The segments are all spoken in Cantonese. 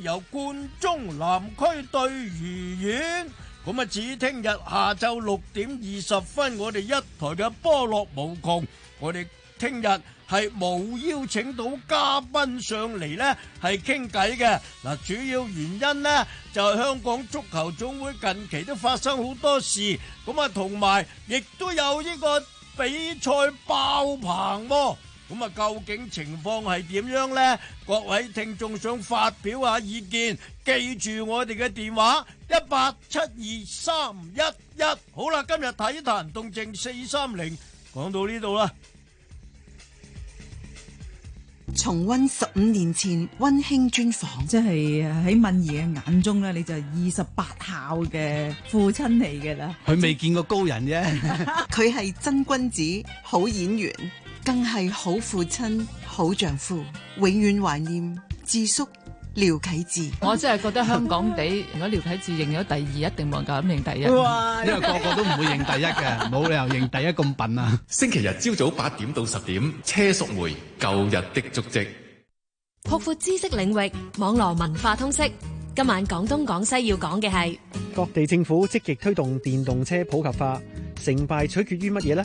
由冠忠南區對愉園，咁啊，至於聽日下晝六點二十分，我哋一台嘅波落無窮，我哋聽日係冇邀請到嘉賓上嚟呢係傾偈嘅。嗱，主要原因呢就係、是、香港足球總會近期都發生好多事，咁啊，同埋亦都有呢個比賽爆棚喎。咁啊，究竟情況係點樣呢？各位聽眾想發表下意見，記住我哋嘅電話一八七二三一一。好啦，今日體壇動靜四三零，講到呢度啦。重溫十五年前溫馨專訪，即係喺敏儀嘅眼中咧，你就係二十八孝嘅父親嚟嘅啦。佢未見過高人啫，佢係 真君子，好演員。更係好父親、好丈夫，永遠懷念智叔廖啟智。我真係覺得香港地，如果廖啟智認咗第二，一定望夠諗認第一。因為個個都唔會認第一嘅，冇理由認第一咁笨啊！星期日朝早八點到十點，車淑梅《舊日的足跡》，擴闊知識領域，網絡文化通識。今晚講東講西要講嘅係各地政府積極推動電動車普及化，成敗取決於乜嘢呢？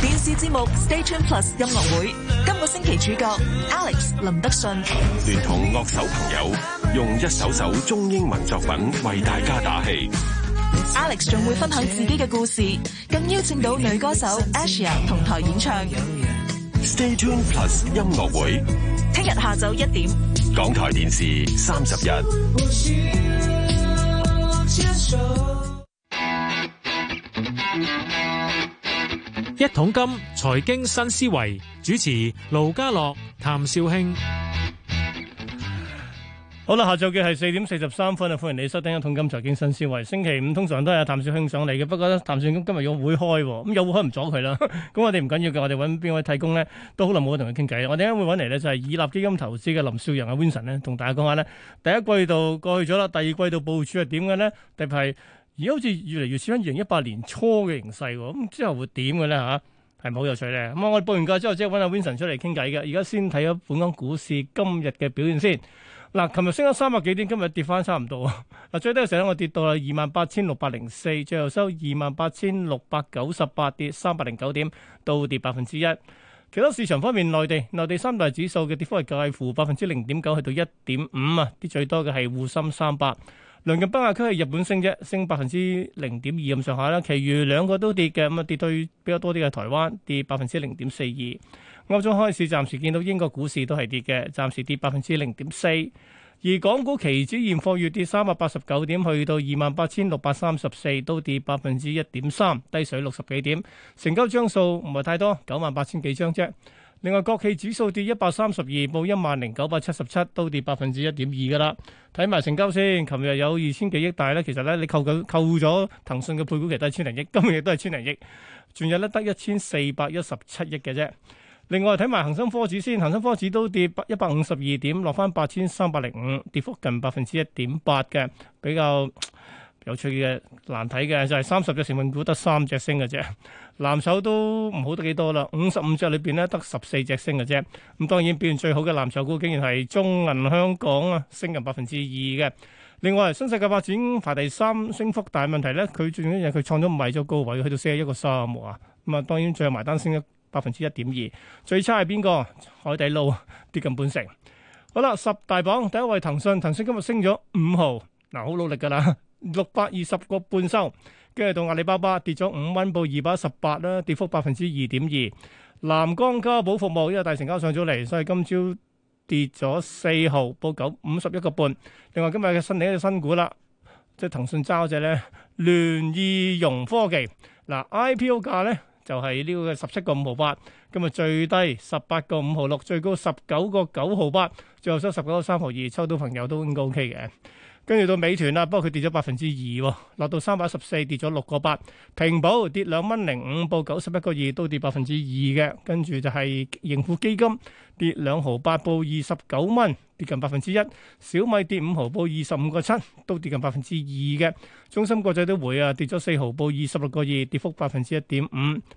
電視節目 Stay Tune Plus 音樂會，今個星期主角 Alex 林德信，連同樂手朋友用一首首中英文作品為大家打氣。Alex 仲會分享自己嘅故事，更邀請到女歌手 Asia 同台演唱。Stay Tune Plus 音樂會，聽日下晝一點。港台電視三十日。一桶金財經新思維，主持盧家樂譚少卿，好啦，下晝嘅，係四點四十三分啊！歡迎你收聽一桶金財經新思維。星期五通常都係阿譚少卿上嚟嘅，不過咧譚少卿今日有會開，咁有會開唔阻佢啦。咁我哋唔緊要嘅，我哋揾邊位替工咧，都好耐冇同佢傾偈啦。我哋等陣會揾嚟咧就係以立基金投資嘅林少陽阿 Vincent 咧，同大家講下咧，第一季度過去咗啦，第二季度部署係點嘅咧？第排。而家好似越嚟越似翻二零一八年初嘅形勢，咁之後會點嘅咧嚇？係咪好有趣咧？咁、嗯、我哋報完價之後，即係揾阿 Vincent 出嚟傾偈嘅。而家先睇咗本港股市今日嘅表現先。嗱，琴日升咗三百幾點，今日跌翻差唔多。嗱，最低嘅時候咧，我跌到啦二萬八千六百零四，最後收二萬八千六百九十八，跌三百零九點，倒跌百分之一。其他市場方面，內地內地三大指數嘅跌幅係介乎百分之零點九去到一點五啊，跌最多嘅係滬深三百。鄰近北亞區係日本升啫，升百分之零點二咁上下啦。其餘兩個都跌嘅咁啊，跌對比較多啲嘅台灣跌百分之零點四二。歐洲開市暫時見到英國股市都係跌嘅，暫時跌百分之零點四。而港股期指現貨月跌三百八十九點，去到二萬八千六百三十四，都跌百分之一點三，低水六十幾點。成交張數唔係太多，九萬八千幾張啫。另外，國企指數跌一百三十二，報一萬零九百七十七，都跌百分之一點二㗎喇。睇埋成交先，琴日有二千幾億，但係咧，其實咧，你扣緊扣咗騰訊嘅配股，其實都係千零億，今日亦都係千零億，全日咧得一千四百一十七億嘅啫。另外，睇埋恒生科指先，恒生科指都跌百一百五十二點，落返八千三百零五，跌幅近百分之一點八嘅，比較。有趣嘅，難睇嘅就係三十隻成分股得三隻升嘅啫，藍籌都唔好得幾多啦。五十五隻裏邊咧得十四隻升嘅啫。咁當然表現最好嘅藍籌股，竟然係中銀香港啊，升近百分之二嘅。另外新世界發展排第三，升幅大，問題咧佢最重要嘅佢創咗咪咗高位，去到四十一個三啊。咁啊，當然最後埋單升一百分之一點二。最差係邊個？海底撈跌近半成。好啦，十大榜第一位騰訊，騰訊今日升咗五毫嗱，好努力噶啦。六百二十個半收，跟住到阿里巴巴跌咗五蚊，報二百一十八啦，跌幅百分之二點二。藍光嘉寶服務因為大成交上咗嚟，所以今朝跌咗四毫，報九五十一個半。另外今日嘅新領一隻新股啦，即係騰訊揸嗰隻咧，聯易融科技。嗱，IPO 價咧就係呢個十七個五毫八，今日最低十八個五毫六，最高十九個九毫八，最後收十九個三毫二，抽到朋友都應該 OK 嘅。跟住到美團啦，不過佢跌咗百分之二，落到三百一十四，跌咗六個八，平保跌兩蚊零五，報九十一個二，都跌百分之二嘅。跟住就係盈富基金跌兩毫八，報二十九蚊，跌近百分之一。小米跌五毫，報二十五個七，都跌近百分之二嘅。中芯國際都會啊，跌咗四毫，報二十六個二，跌幅百分之一點五。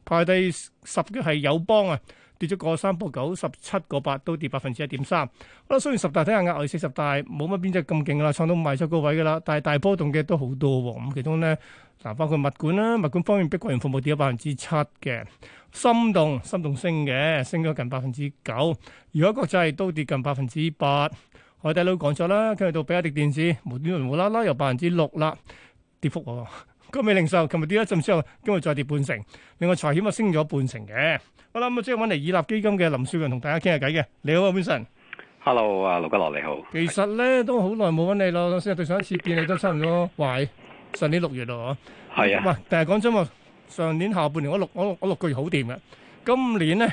排第十嘅係友邦啊。跌咗個三波九十七個八，都跌百分之一點三。好啦，雖然十大睇下額外四十大冇乜邊隻咁勁啦，創到唔係咁高位噶啦，但係大波動嘅都好多。咁其中咧，嗱，包括物管啦，物管方面碧桂園服務跌咗百分之七嘅，心動心動升嘅，升咗近百分之九，而家國際都跌近百分之八，海底撈講咗啦，跟住到比亞迪電視無啦啦又百分之六啦，跌幅。國美零售琴日跌一陣之後，今日再跌半成。另外財險啊升咗半成嘅。好啦，咁啊即係揾嚟以立基金嘅林少陽同大家傾下偈嘅。你好啊，Vincent。Hello，阿盧家樂你好。其實咧都好耐冇揾你咯，先係對上一次見你都差唔多喂。上年六月度嗬。係啊。喂，但係講真啊，上年下半年我六我我六個月好掂嘅。今年咧，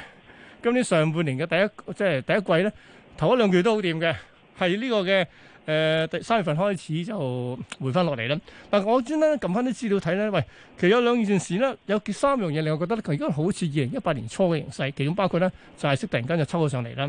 今年上半年嘅第一即係第一季咧，頭一兩個月都好掂嘅，係呢個嘅。誒、呃、第三月份開始就回翻落嚟啦。但係，我專登撳翻啲資料睇咧，喂，其實有兩件事咧，有三樣嘢令我覺得佢而家好似二零一八年初嘅形勢，其中包括咧就係、是、息突然間就抽咗上嚟啦。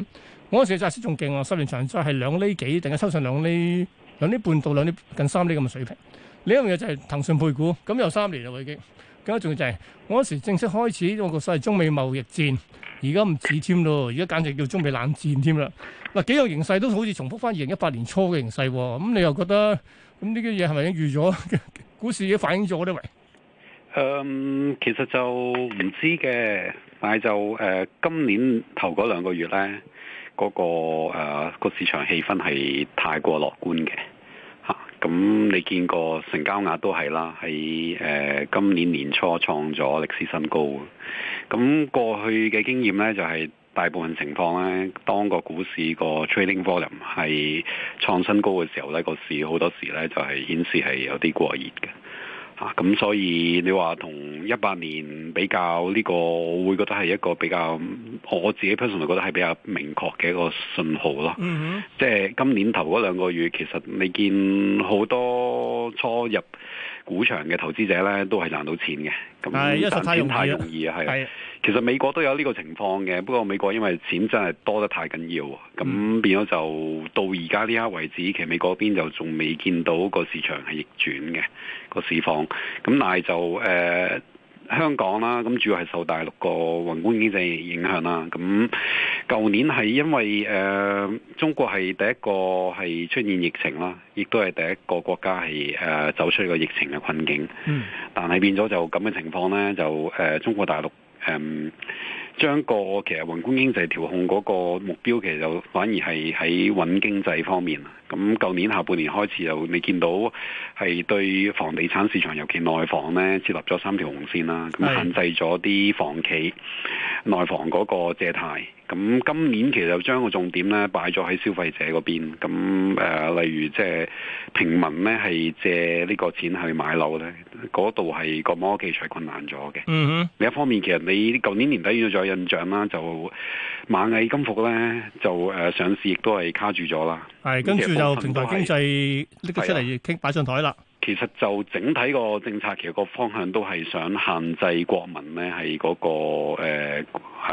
我嗰時債息仲勁啊，十年長債係、就是、兩厘幾，定係抽上兩厘兩釐半到兩釐近三釐咁嘅水平。呢一樣嘢就係騰訊配股，咁有三年啦已經。更加重要就係我嗰時正式開始，我個所謂中美貿易戰。而家唔止添咯，而家簡直叫中美冷戰添啦。嗱，幾個形勢都好似重複翻二零一八年初嘅形勢喎。咁你又覺得咁呢啲嘢係咪已經預咗？股市已經反映咗呢，喂，嗯，其實就唔知嘅，但係就誒、呃、今年頭嗰兩個月咧，嗰、嗰個誒個、呃、市場氣氛係太過樂觀嘅。咁你見過成交額都係啦，喺誒、呃、今年年初創咗歷史新高。咁過去嘅經驗呢，就係、是、大部分情況呢，當個股市個 trading volume 係創新高嘅時候呢，個市好多時呢就顯，就係顯示係有啲過熱嘅。咁所以你話同一八年比較呢，這個，我會覺得係一個比較我自己 personal 覺得係比較明確嘅一個信號咯。即係，mm hmm. 今年頭嗰兩個月，其實你見好多初入股場嘅投資者呢都係賺到錢嘅，咁賺錢太容易啊！係，其實美國都有呢個情況嘅，不過美國因為錢真係多得太緊要，咁變咗就到而家呢刻為止，其實美國嗰邊就仲未見到個市場係逆轉嘅個市況，咁但係就誒、呃、香港啦，咁主要係受大陸個宏觀經濟影響啦，咁。舊年係因為誒、呃，中國係第一個係出現疫情啦，亦都係第一個國家係誒、呃、走出個疫情嘅困境。但係變咗就咁嘅情況呢，就誒、呃、中國大陸誒、呃，將個其實宏觀經濟調控嗰個目標，其實就反而係喺穩經濟方面。咁舊年下半年開始，又你見到係對房地產市場，尤其內房咧設立咗三條紅線啦，咁限制咗啲房企內房嗰個借貸。咁今年其實將個重點咧擺咗喺消費者嗰邊，咁誒、呃、例如即係平民咧係借呢個錢去買樓咧，嗰度係個摩羯財困難咗嘅。嗯哼、mm，hmm. 另一方面，其實你舊年年底有咗印象啦，就螞蟻金服咧就誒、呃、上市亦都係卡住咗啦。係，跟住就平台經濟拎出嚟擺上台啦。其實就整體個政策，其實個方向都係想限制國民咧，係嗰，那個誒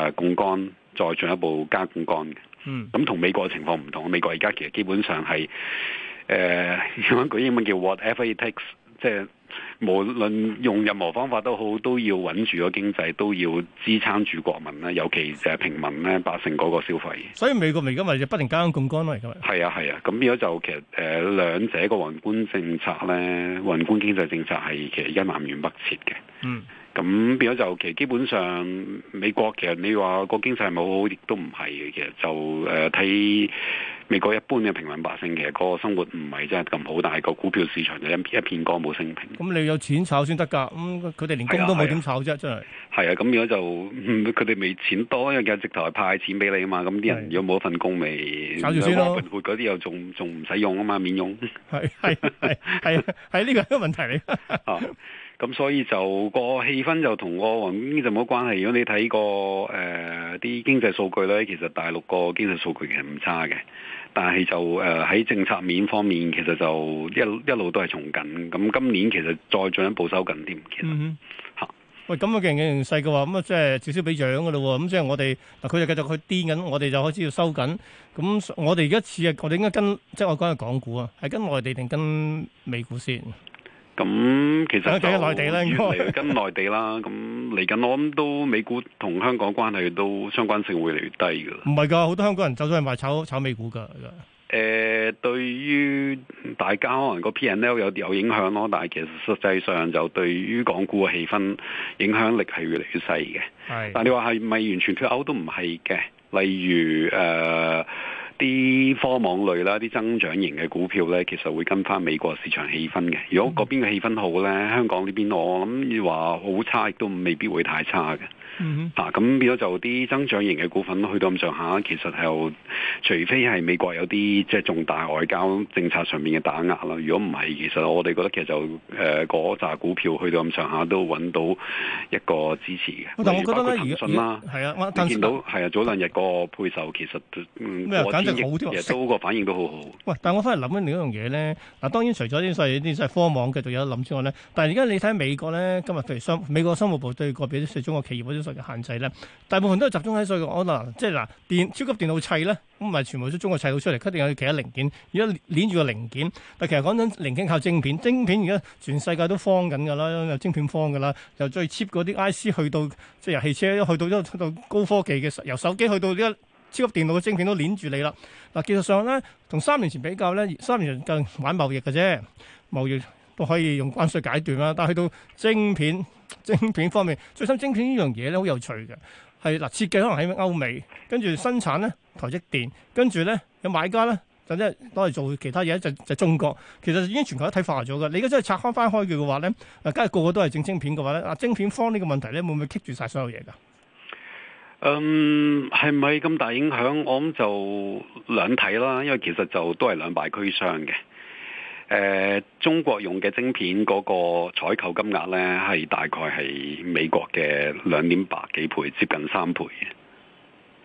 誒供幹再進一步加供幹嘅。嗯，咁同美國嘅情況唔同，美國而家其實基本上係誒用一句英文叫 whatever it takes，即係。無論用任何方法都好，都要穩住個經濟，都要支撐住國民咧，尤其就係平民咧，百姓嗰個消費。所以美國咪而家咪就不停加咁槓桿嚟噶。係啊係啊，咁變咗就其實誒兩、呃、者個宏觀政策咧，宏觀經濟政策係其實一南轅北轍嘅。嗯。咁、嗯、變咗就其實基本上美國其實你話個經濟唔好亦都唔係嘅，其實就誒睇、呃、美國一般嘅平民百姓其實個生活唔係真係咁好，但係個股票市場就一一片歌舞昇平。咁、嗯、你有錢炒先得㗎，咁佢哋連工都冇點炒啫，真係。係啊，咁、啊啊、變咗就佢哋未錢多，因為直頭係派錢俾你啊嘛，咁啲、啊、人如果冇份工未，啊、炒住先咯。嗰啲又仲仲唔使用啊嘛，免佣。係係係係係呢個問題嚟。 咁所以就個氣氛就同個環境就冇關係。如果你睇個誒啲經濟數據咧，其實大陸個經濟數據其實唔差嘅，但係就誒喺、呃、政策面方面，其實就一一路都係從緊。咁今年其實再進一步收緊啲。嗯，嚇，喂，咁嘅形勢嘅話，咁啊即係少少俾獎嘅咯喎。咁即係我哋，嗱佢就繼續去顛緊，我哋就開始要收緊。咁我哋而家次日，我哋應該跟，即係我講係港股啊，係跟內地定跟美股先？咁其實越嚟跟內地啦，咁嚟緊我諗都美股同香港關係都相關性會嚟越低噶啦。唔係㗎，好多香港人走咗去買炒炒美股㗎。誒、呃，對於大家可能個 P&L 有有影響咯，但係其實實際上就對於港股嘅氣氛影響力係越嚟越細嘅。係是，但係你話係咪完全脫歐都唔係嘅？例如誒。呃啲科網類啦，啲增長型嘅股票咧，其實會跟翻美國市場氣氛嘅。如果嗰邊嘅氣氛好咧，香港呢邊我諗話好差，亦都未必會太差嘅。嗯，咁變咗就啲增長型嘅股份去到咁上下，其實又除非係美國有啲即係重大外交政策上面嘅打壓啦。如果唔係，其實我哋覺得其實就誒嗰扎股票去到咁上下都揾到一個支持嘅。但係我覺得咧，如果騰訊啊，我見到係啊，早兩日個配售其實即係好啲嘢識，個反應都好好。喂！但係我翻嚟諗緊另一樣嘢咧。嗱，當然除咗啲所謂啲所謂科網繼續有得諗之外咧，但係而家你睇美國咧，今日對商美國商務部對個別啲説中國企業嗰啲實嘅限制咧，大部分都係集中喺所謂講嗱，即係嗱電超級電腦砌咧，咁唔係全部都中國砌到出嚟，肯定有其他零件。而家連住個零件，但其實講緊零件靠晶片，晶片而家全世界都慌緊㗎啦，又晶片荒㗎啦，由最 cheap 嗰啲 IC 去到即係由汽車去到都到高科技嘅，由手機去到呢、這、一、個。超級電腦嘅晶片都黏住你啦。嗱、啊，技術上咧，同三年前比較咧，三年前更玩貿易嘅啫，貿易都可以用關稅解斷啦。但係去到晶片、晶片方面，最新晶片呢樣嘢咧，好有趣嘅。係嗱、啊，設計可能喺歐美，跟住生產咧台積電，跟住咧有買家咧就真係都係做其他嘢，就、就、中國。其實已經全球一體化咗嘅。你而家真係拆開翻開佢嘅話咧，嗱、啊，梗係個個都係正晶片嘅話咧，啊，晶片方呢個問題咧，會唔會棘住晒所有嘢㗎？嗯，係咪咁大影響？我諗就兩睇啦，因為其實就都係兩敗俱傷嘅。誒、呃，中國用嘅晶片嗰個採購金額咧，係大概係美國嘅兩點八幾倍，接近三倍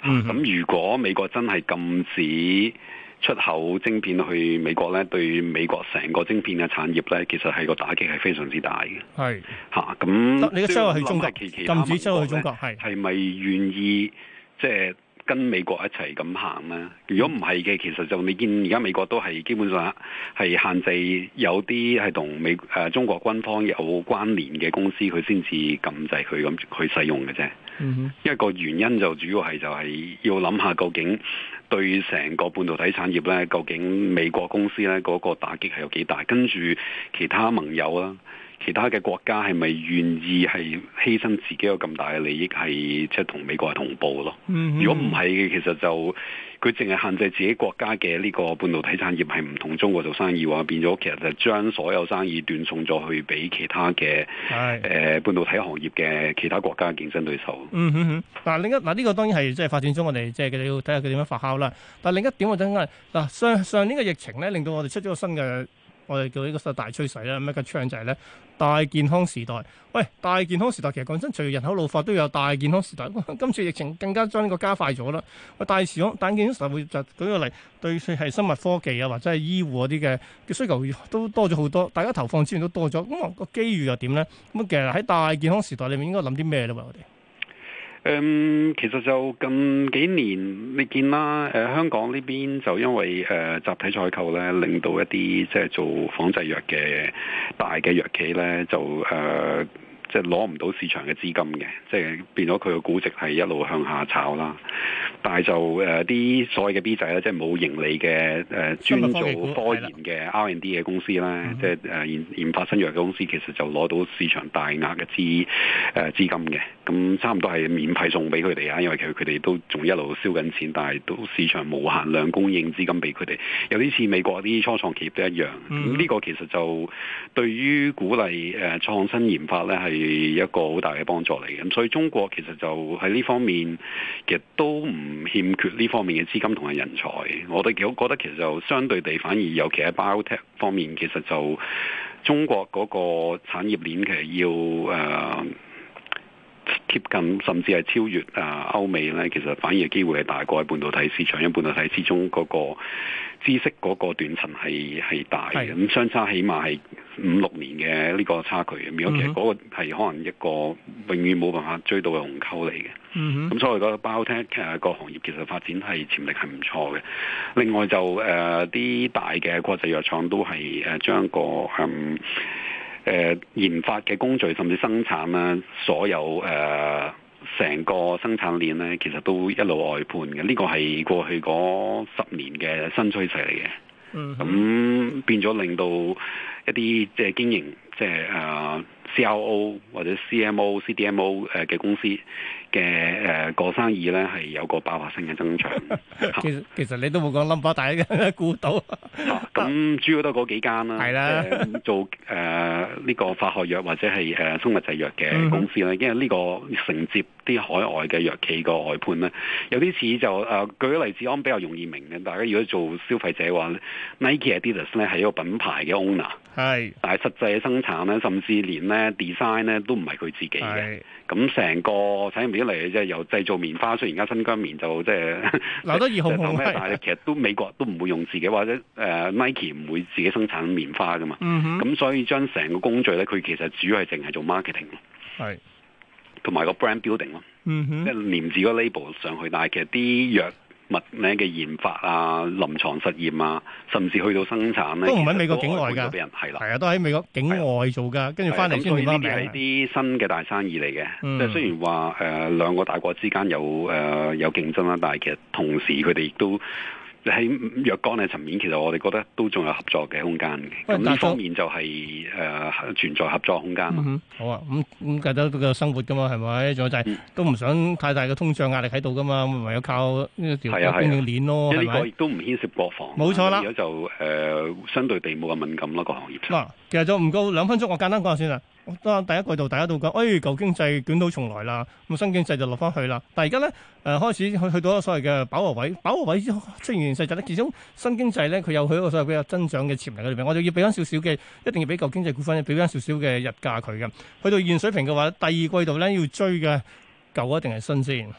咁、mm hmm. 啊、如果美國真係禁止，出口晶片去美國咧，對美國成個晶片嘅產業咧，其實係個打擊係非常之大嘅。係嚇是，咁你嘅收入去中國，國禁止收入中國係咪願意即係、就是、跟美國一齊咁行咧？如果唔係嘅，其實就你見而家美國都係基本上係限制有啲係同美誒、呃、中國軍方有關聯嘅公司，佢先至禁止佢咁去，去使用嘅啫。因為、嗯、哼個原因就主要係就係、是、要諗下究竟。對成個半導體產業咧，究竟美國公司咧，嗰個打擊係有幾大？跟住其他盟友啊。其他嘅國家係咪願意係犧牲自己有咁大嘅利益，係即係同美國係同步咯？嗯、哼如果唔係嘅，其實就佢淨係限制自己國家嘅呢個半導體產業係唔同中國做生意話，變咗其實就將所有生意斷送咗去俾其他嘅誒、嗯哼呃、半導體行業嘅其他國家嘅競爭對手。但、嗯、哼，另一嗱呢個當然係即係發展中我，我哋即係佢哋要睇下佢點樣發酵啦。但另一點我哋睇嗱上上年嘅疫情咧，令到我哋出咗個新嘅。我哋叫呢個實大趨勢咧，咩嘅趨勢咧？大健康時代，喂，大健康時代其實講真，除咗人口老化都有大健康時代。 今次疫情更加將呢個加快咗啦。大健康、大健康時代會就舉個例，對係生物科技啊，或者係醫護嗰啲嘅嘅需求都多咗好多，大家投放資源都多咗。咁、個機遇又點咧？咁其實喺大健康時代裏面應該諗啲咩咧？喂。我哋。誒、嗯，其實就近幾年你見啦，誒、呃、香港呢邊就因為誒、呃、集體採購咧，令到一啲即係做仿製藥嘅大嘅藥企咧，就誒、呃、即係攞唔到市場嘅資金嘅，即係變咗佢嘅估值係一路向下炒啦。但係就誒啲、呃、所謂嘅 B 仔咧，即係冇盈利嘅誒、呃、專做科研嘅 R&D 嘅公司咧，即係誒研研發新藥嘅公司，其實就攞到市場大額嘅資誒、呃、資金嘅。咁差唔多係免費送俾佢哋啊，因為其實佢哋都仲一路燒緊錢，但係都市場無限量供應資金俾佢哋，有啲似美國啲初創企業都一樣。呢個其實就對於鼓勵誒創新研發咧係一個好大嘅幫助嚟嘅。咁所以中國其實就喺呢方面，其實都唔欠缺呢方面嘅資金同埋人才。我哋我覺得其實就相對地反而尤其喺 biotech 方面，其實就中國嗰個產業鏈其實要誒。呃接近甚至係超越啊、呃、歐美咧，其實反而機會係大過喺半導體市場，因為半導體之中嗰個知識嗰個斷層係係大嘅，咁的相差起碼係五六年嘅呢個差距，咁有、嗯、哼其實嗰個係可能一個永遠冇辦法追到嘅鴻溝嚟嘅。咁、嗯、哼所以個 Biotech 誒個行業其實發展係潛力係唔錯嘅。另外就誒啲、呃、大嘅國際藥廠都係誒、呃、將個誒。嗯誒，研發嘅工序，甚至生產啦，所有誒成、呃、個生產鏈咧，其實都一路外判嘅。呢個係過去嗰十年嘅新趨勢嚟嘅。嗯哼，咁變咗令到。一啲即係經營，即係誒 CRO 或者 CMO、CDMO 誒嘅公司嘅誒個生意咧，係有個爆發性嘅增長。其實其實你都冇講 number，大家估到。咁主要都嗰幾間啦。係啦，做誒呢個化學藥或者係誒生物製藥嘅公司啦，因為呢個承接啲海外嘅藥企個外判咧，有啲似就誒舉個例子，我比較容易明嘅。大家如果做消費者嘅話咧，Nike Adidas 咧係一個品牌嘅 owner。係，是但係實際嘅生產咧，甚至連咧 design 咧都唔係佢自己嘅。咁成是個產業鏈嚟，即係由製造棉花，雖然而家新疆棉就即係，嗱都二號紅，紅。 但係其實都美國都唔會用自己，或者誒、uh, Nike 唔會自己生產棉花噶嘛。咁、嗯、哼所以將成個工序咧，佢其實主要係淨係做 marketing 咯是，係同埋個 brand building 咯、嗯哼。即係黏住個 label 上去，但係其實啲藥。物名嘅研發啊、臨床實驗啊，甚至去到生產咧，都唔喺美國境外㗎，俾人係啦，係啊，都喺美國境外做㗎，跟住翻嚟先去呢啲新嘅大生意嚟嘅，即係、嗯、雖然話誒、呃、兩個大國之間有誒、呃、有競爭啦，但係其實同時佢哋亦都。喺若干嘅層面，其實我哋覺得都仲有合作嘅空間嘅。咁呢方面就係、是、誒、呃、存在合作空間、嗯。好啊，咁咁計得個生活㗎嘛，係咪？再就是、都唔想太大嘅通脹壓力喺度㗎嘛，唯有靠呢條、啊啊、供應鏈咯，係咪、啊？呢吧個亦都唔牽涉國防。冇錯啦。而家就誒、呃、相對地冇咁敏感咯，個行業。嗱、啊，其實就唔夠兩分鐘，我簡單講下先啦。都第一季度大家都講，誒、哎、舊經濟捲土重來啦，咁新經濟就落翻去啦。但係而家咧，誒、呃、開始去去到一個所謂嘅飽和位，飽和位出現事實咧，其中新經濟咧佢有佢一個所謂比較增長嘅潛力喺裏面。我哋要俾翻少少嘅，一定要俾舊經濟股份，俾翻少少嘅入價佢嘅。去到現水平嘅話，第二季度咧要追嘅舊一定係新先。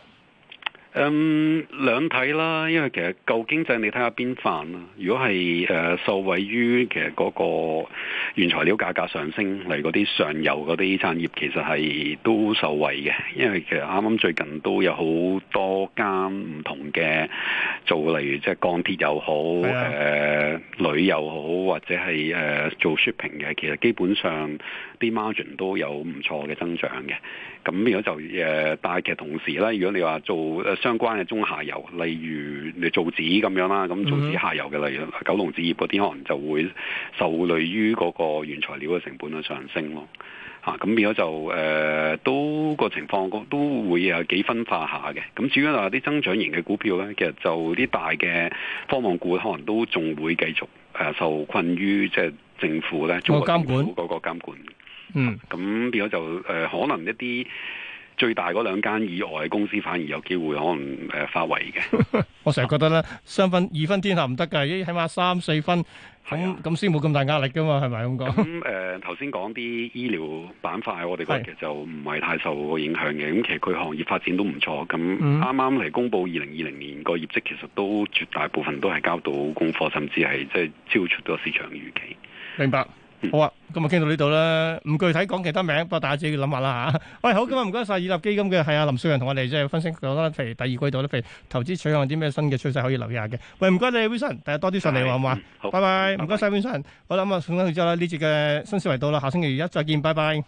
嗯，兩睇、um, 啦，因為其實舊經濟你睇下邊範啦。如果係誒、呃、受惠於其實嗰個原材料價格上升，例如嗰啲上游嗰啲產業，其實係都受惠嘅。因為其實啱啱最近都有好多間唔同嘅做，例如即係鋼鐵又好，誒 Yeah.、呃，鋁又好，或者係誒、呃、做 shipping 嘅，其實基本上啲 margin 都有唔錯嘅增長嘅。咁如果就誒、呃，但係其實同時咧，如果你話做誒。相關嘅中下游，例如你造紙咁樣啦，咁造紙下游嘅例如，例如、mm. 九龍紙業嗰啲可能就會受累於嗰個原材料嘅成本嘅上升咯。嚇、啊，咁變咗就誒、呃，都個情況都都會有幾分化下嘅。咁至於話啲增長型嘅股票咧，其實就啲大嘅科網股可能都仲會繼續誒受困於即係政府咧，中國政府嗰個監管。嗯，咁、mm. 啊、變咗就誒、呃，可能一啲。最大嗰兩間以外嘅公司反而有機會可能誒發圍嘅。 我成日覺得咧，三 分二分天下唔得㗎，起碼三四分咁咁先冇咁大壓力㗎嘛，係咪咁講？咁誒頭先講啲醫療板塊，我哋覺得就唔係太受影響嘅。咁是其實佢行業發展都唔錯，咁啱啱嚟公布二零二零年個業績，其實都絕大部分都係交到功課，甚至係即係超出咗市場預期。明白。好啊，今日傾到呢度啦，唔具體講其他名，不過大家自己諗下啦吓。喂，好，咁啊，唔該晒以立基金嘅，係啊，林少陽同我哋即係分析講啦。譬如第二季度咧，譬如投資取向有啲咩新嘅趨勢可以留意下嘅。喂，唔該你 Wilson，第日多啲上嚟話唔話。好，拜拜 Bye bye,、嗯，唔該晒 Wilson。好啦，咁啊好，講緊到咗啦，呢節嘅新思維到啦，下星期一再見，拜、嗯、拜。